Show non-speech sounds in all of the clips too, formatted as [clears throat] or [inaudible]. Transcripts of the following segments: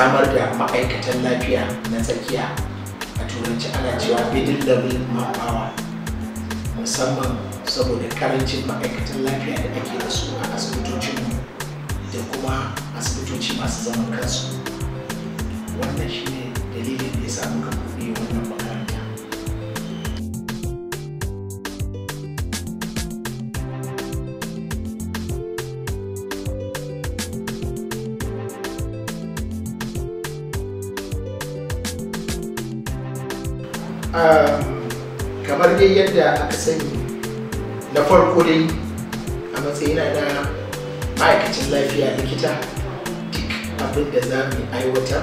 samar da ma'aikatan lafiya na tsakiya a turanci ana cewa middle level manpower musamman saboda karancin ma'aikatan lafiya da ake da su a asibitocinmu da kuma asibitoci masu zaman kansu wannan shine dalilin da ya samu ka buɗe wannan bakar dai yadda aka sani na farko dai a matsayina na ma'aikacin lafiya likita duk abin da za mu aiwata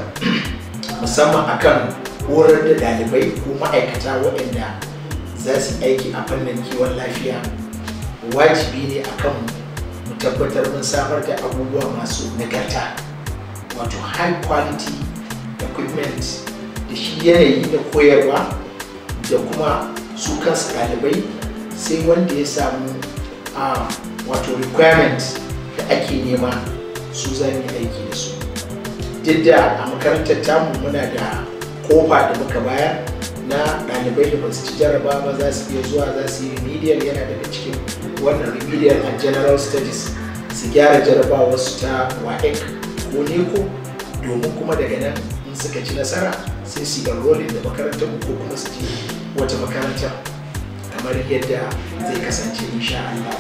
[clears throat] musamman akan horar da dalibai ko ma'aikata waɗanda za su aiki a fannin kiwon lafiya wajibi ne akan mu tabbatar mun samar da abubuwa masu nagarta wato high quality equipment da shi yanayi da koyarwa da kuma su kansu ɗalibai sai wanda ya samu wato requirement da ake nema su zane aiki da su duk da a makarantar tamu muna da kofa da muka baya na ɗalibai da basu ci jaraba ba za su iya zuwa za su yi remedial yana daga cikin wannan remedial and general studies su gyara su ta waec ko ne ko, domin kuma daga nan suka ci nasara sai su yi enrolling da makarantar ko kuma su ci wata makarantar kamar yadda zai kasance insha Allah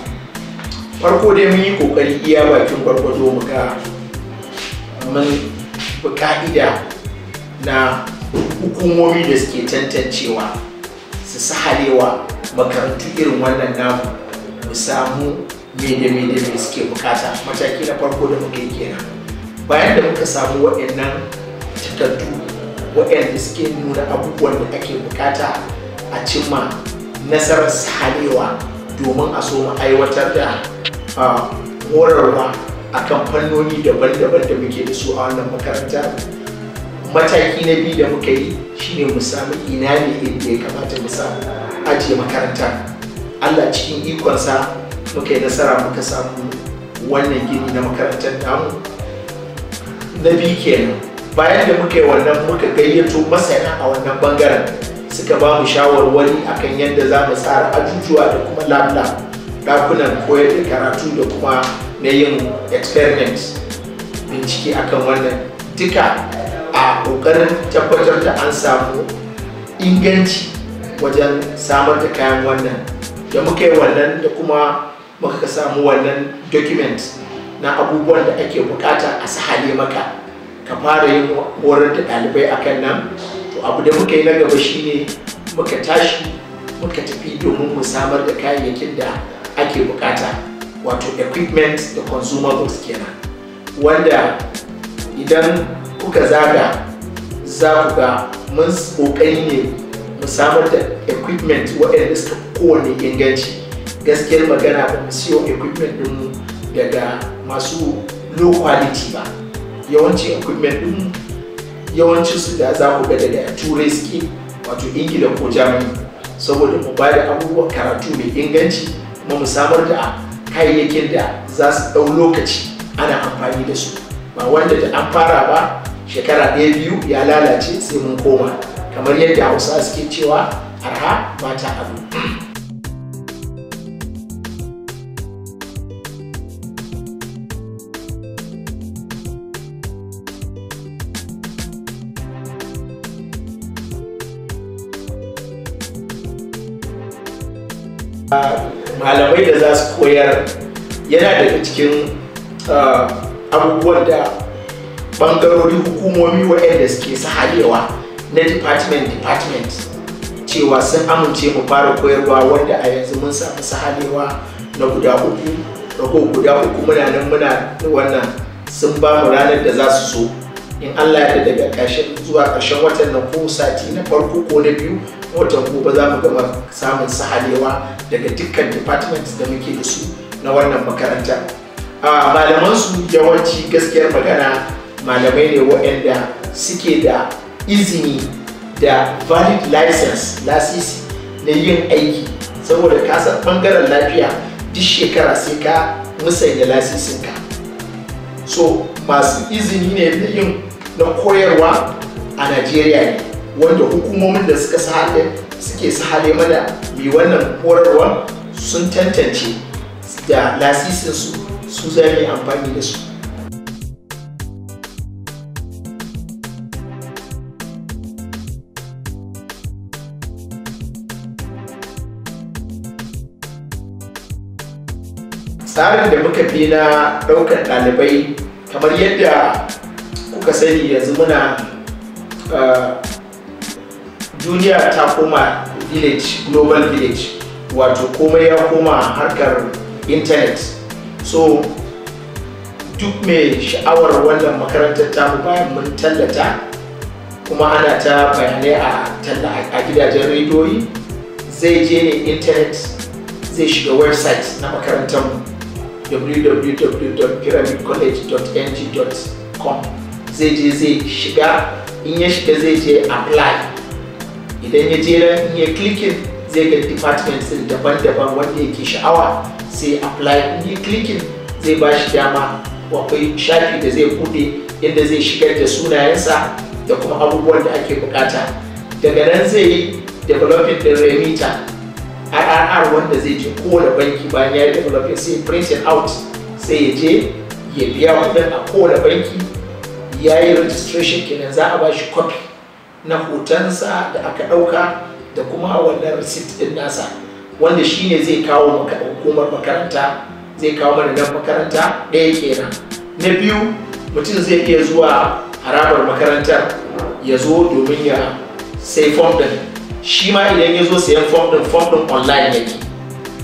farko dai mun yi kokari iya bakin gwargwado mu ga mun ka'ida na hukumomi da suke tantancewa su sahalewa makarantu irin wannan namu mu samu mede-mede mai suke bukata mataki na farko da muka yi kenan bayan da muka samu waɗannan fitattu waɗanda suke nuna abubuwan da ake bukata a cimma nasarar sanewa domin a so mu aiwatar da horarwa a kan fannoni daban-daban da muke da su a wannan makaranta mataki na biyu da muka yi shine mu samu ina ne inda ya kamata mu samu ajiye makaranta allah cikin ikonsa muka yi nasara muka samu wannan gini na makarantar namu na biyu kenan bayan da muka yi wannan muka gayyato masana a wannan bangaren suka ba mu shawarwari akan yadda za mu tsara ajujuwa da kuma labla dakunan koyar da karatu da kuma na yin experiment bincike akan wannan duka a kokarin tabbatar da an samu inganci wajen samar da kayan wannan da muka yi wannan da kuma muka samu wannan document na abubuwan da ake bukata a sahale maka ka fara yin horar da ɗalibai a kan nan to abu da muka yi na gaba shine muka tashi muka tafi domin mu samar da kayayyakin da ake bukata wato equipment da goods kenan wanda idan kuka zaga za ku ga mun kokari ne mu samar da equipment waɗanda suka kowane inganci gaskiyar magana ba mu siyo equipment ɗinmu daga masu low quality ba yawanci equipment din yawancin su da za mu ga daga turai suke wato ingila ko jamani saboda mu bada abubuwan karatu mai inganci kuma mu samar da kayayyakin da za su ɗau lokaci ana amfani da su ba wanda da an fara ba shekara ɗaya biyu ya lalace sai mun koma kamar yadda hausa suke cewa arha ba ta abu malamai da za su koyar yana daga cikin abubuwan da bangarori hukumomi waɗanda suke sahalewa na department department cewa sun amince mu fara koyarwa wanda a yanzu mun samu sahalewa na guda uku ko guda uku muna nan muna wannan sun ba mu ranar da za su so in allah ya daga ƙarshen zuwa ƙarshen watan na ko sati na farko ko na biyu watan ba za mu gaba samun sahalewa daga dukkan departments da muke da su na wannan makaranta malaman su, yawanci gaskiyar magana malamai ne waɗanda suke da izini da valid license lasisi na yin aiki saboda kasa bangaren lafiya duk shekara sai ka musanya lasisinka so masu izini ne na yin na koyarwa a najeriya ne wanda hukumomin da suka sahale suke sahale mana mai wannan horarwa sun tantance da lasisinsu su za amfani da su tsarin da muka fi na ɗaukar ɗalibai kamar yadda kuka sani yanzu muna eh, duniya ta koma village global village wato komai ya koma harkar intanet so duk mai sha'awar wannan makarantar ta bayan mun tallata kuma ana ta bayanai a talla a gidajen rediyoyi zai je ne intanet zai shiga website na makarantar www.pyramidcollege.ng.com zai je zai shiga in ya shiga zai je apply idan ya je ran ya klikin zai ga departments din daban-daban wanda yake sha'awa sai apply in ya klikin zai ba shi dama akwai shafi da zai bude yadda zai shigar da sunayensa da kuma abubuwan da ake bukata daga nan zai yi developing din remita rrr wanda zai je kowane banki bayan ya yi developing sai print out sai ya je ya biya kudin a kowane banki ya yi registration kenan za a ba shi copy na hotonsa da aka ɗauka da kuma wannan receipt ɗin nasa wanda shine zai kawo maka hukumar makaranta zai kawo mana nan makaranta ɗaya kenan na biyu mutum zai iya zuwa harabar makarantar ya zo domin ya sai fom ɗin shi ma idan ya zo sayan fom ɗin fom ɗin online yake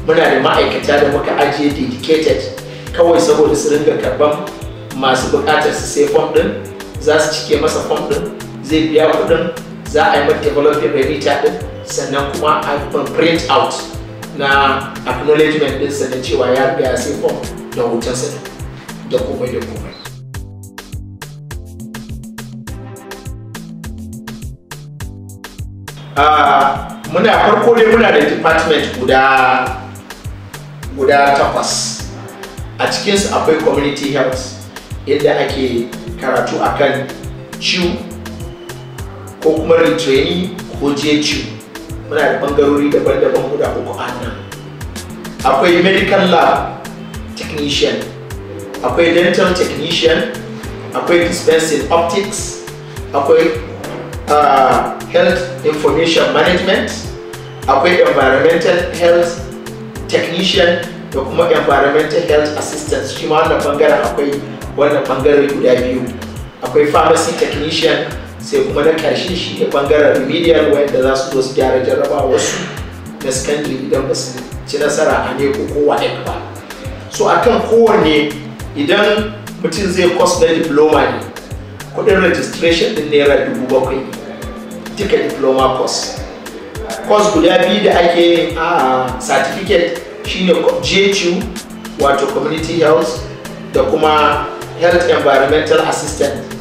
muna da ma'aikata da muka ajiye dedicated kawai saboda su ringa karɓan masu bukatar su sai fom ɗin za su cike masa fom ɗin zai biya kudin za a yi mata developing remita din sannan kuma a print out na acknowledgement din sannan cewa ya biya sai form da sa da komai da komai ah, muna farko dai muna da department guda guda takwas a cikinsu akwai community health inda ake karatu akan ciwo ko kuma retraining ko jeju muna da bangarori daban-daban guda uku a nan akwai medical lab technician akwai dental technician akwai dispensing optics akwai ah, health information management akwai environmental health technician da kuma environmental health assistant shi ma wannan bangaren akwai wannan bangare guda biyu akwai pharmacy technician sai kuma na kashi shi ne bangaren remedial wanda za su zo su gyara wasu na secondary idan ba su ci nasara a ne ko kowa ɗaya ba so akan kowanne idan mutum zai cost na diploma ne kuɗin registration ɗin naira dubu bakwai duka diploma cost cost guda biyu da ake a certificate shine JHU wato community health da kuma health environmental assistant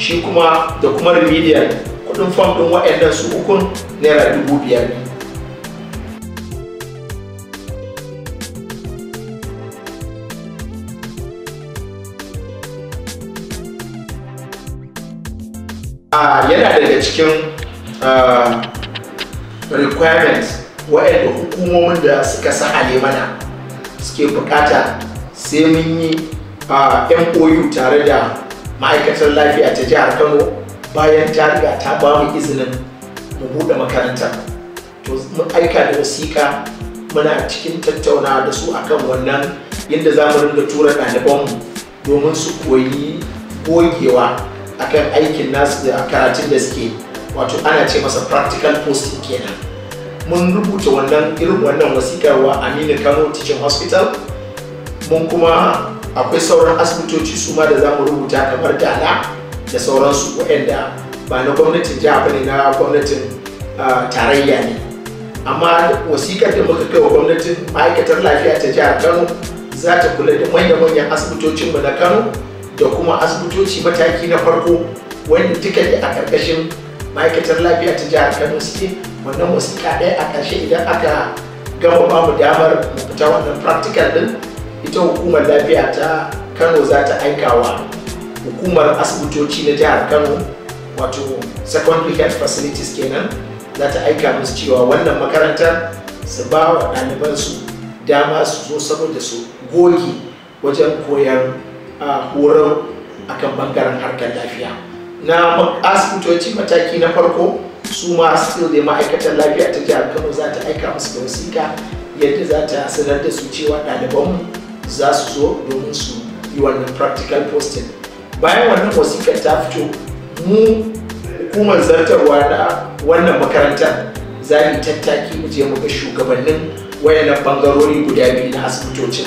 shi kuma da kuma remedial kudin fom din wa'annan su ukun naira dubu biyar ne ah, yana daga cikin ah, requirements da hukumomin da suka sahale mana suke bukata sai mun yi ah, mou tare da ma'aikatar lafiya ta jihar kano bayan ta riga ta ba mu izinin mu buɗe makaranta to mun aika da wasiƙa muna cikin tattaunawa da su akan wannan yadda za mu rinda tura mu domin su koyi gogewa akan aikin nasu da karatun da suke wato ana ce masa practical posting kenan mun rubuta wannan irin wannan wasiƙar wa aminu kano teaching hospital mun kuma akwai sauran asibitoci su ma da za mu rubuta kamar dala da sauransu waɗanda ba na gwamnatin jiha ba ne na gwamnatin tarayya ne amma wasikar da muka kai wa gwamnatin ma'aikatar lafiya ta jihar kano za ta kula da manya-manyan asibitocin mu na kano da kuma asibitoci mataki na farko wanda duka ne a karkashin ma'aikatar lafiya ta jihar kano suke wannan wasiƙa ɗaya a ƙarshe idan aka gama bamu damar mu fita wannan practical din ita hukumar lafiya ta kano za ta aika hukumar asibitoci na jihar kano wato secondary health facilities kenan za ta aika musu cewa wannan makarantar su ba wa su dama su zo saboda su goge wajen koyan horon kan bangaren harkar lafiya na asibitoci mataki na farko su ma still da ma'aikatar lafiya ta jihar kano za ta aika musu da wasiƙa yadda za ta sanar da su cewa ɗalibanmu za su zo domin su yi wannan practical posting bayan wannan wasikar ta fito mu hukumar zartarwa na wannan makaranta za mu tattaki mu je mu ga shugabannin wayannan bangarori guda biyu na asibitocin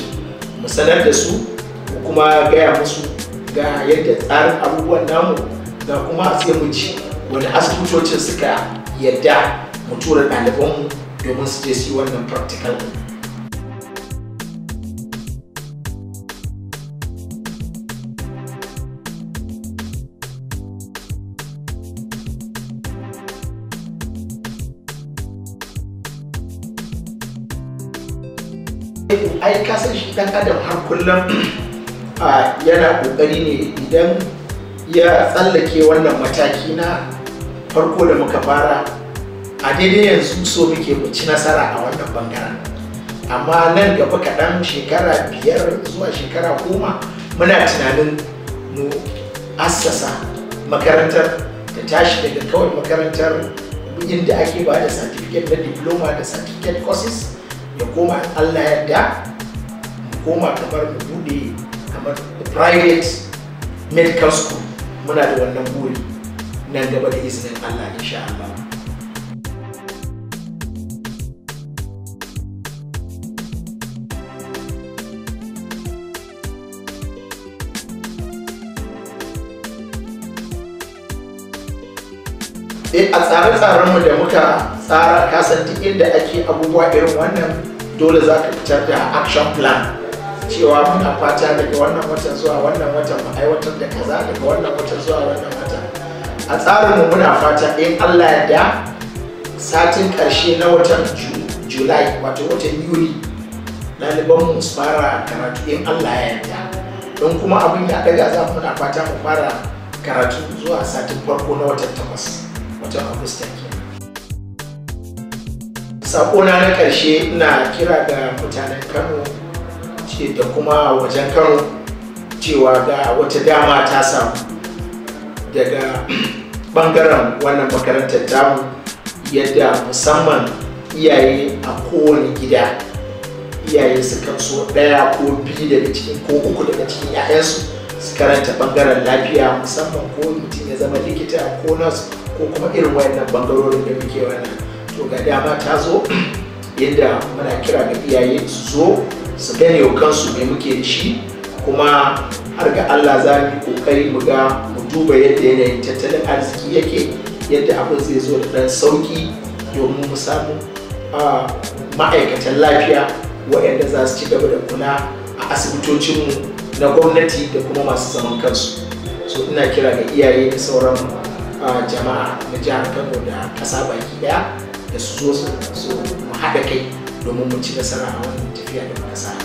mu sanar da su mu kuma gaya musu ga yadda tsarin abubuwan namu ga kuma sai mu ci wani asibitocin suka yadda mu tura ɗalibanmu domin su je su yi wannan practical ai ka san shi dan adam har kullum yana kokari ne idan ya tsallake wannan mataki na farko da muka fara a daidai yanzu so muke mu ci nasara a wannan bangaren amma nan gaba kaɗan shekara biyar zuwa shekara goma muna tunanin mu assasa makarantar ta tashi daga kawai makarantar inda ake ba da certificate na diploma da certificate courses ya koma allah yadda koma kamar mu bude kamar private medical school muna da wannan buri nan gaba da izinin allah insha allah eh, a tsare mu da muka tsara san duk inda ake abubuwa irin wannan dole za ka fitar da action plan cewa muna fata daga wannan watan zuwa wannan watan mu aiwatar da kaza daga wannan watan zuwa wannan watan a tsarinmu muna fata in allah ya da satin karshe na watan julai wato watan yuli ɗalibanmu su fara karatu in allah ya da don kuma abin ya daga za muna fata mu fara karatu zuwa satin farko na watan takwas watan agusta kenan sakona na karshe ina kira ga mutanen kano ce da kuma wajen kano cewa ga wata dama ta samu daga bangaren [clears throat] wannan makarantar tamu yadda musamman iyaye a kowane gida iyaye su so ɗaya ko biyu daga cikin ko uku daga cikin 'ya'yansu su karanta bangaren lafiya musamman ko mutum ya zama likita ko nasu ko kuma irin wayannan bangarorin da muke wannan to ga dama ta zo yadda muna kira ga iyaye su zo su gane wa kansu mai muke ci kuma har ga Allah za mu kokari mu ga mu duba yadda yanayin tattalin arziki yake yadda abin zai zo da ɗan sauki domin mu samu ma'aikatan lafiya waɗanda za su ci gaba da kula a asibitocin mu, na gwamnati da kuma masu zaman kansu so ina kira ga iyaye da sauran jama'a na jihar kano da ƙasa baki ɗaya da su zo su haɗa kai domin mu ci nasara a wannan tafiya da muka sa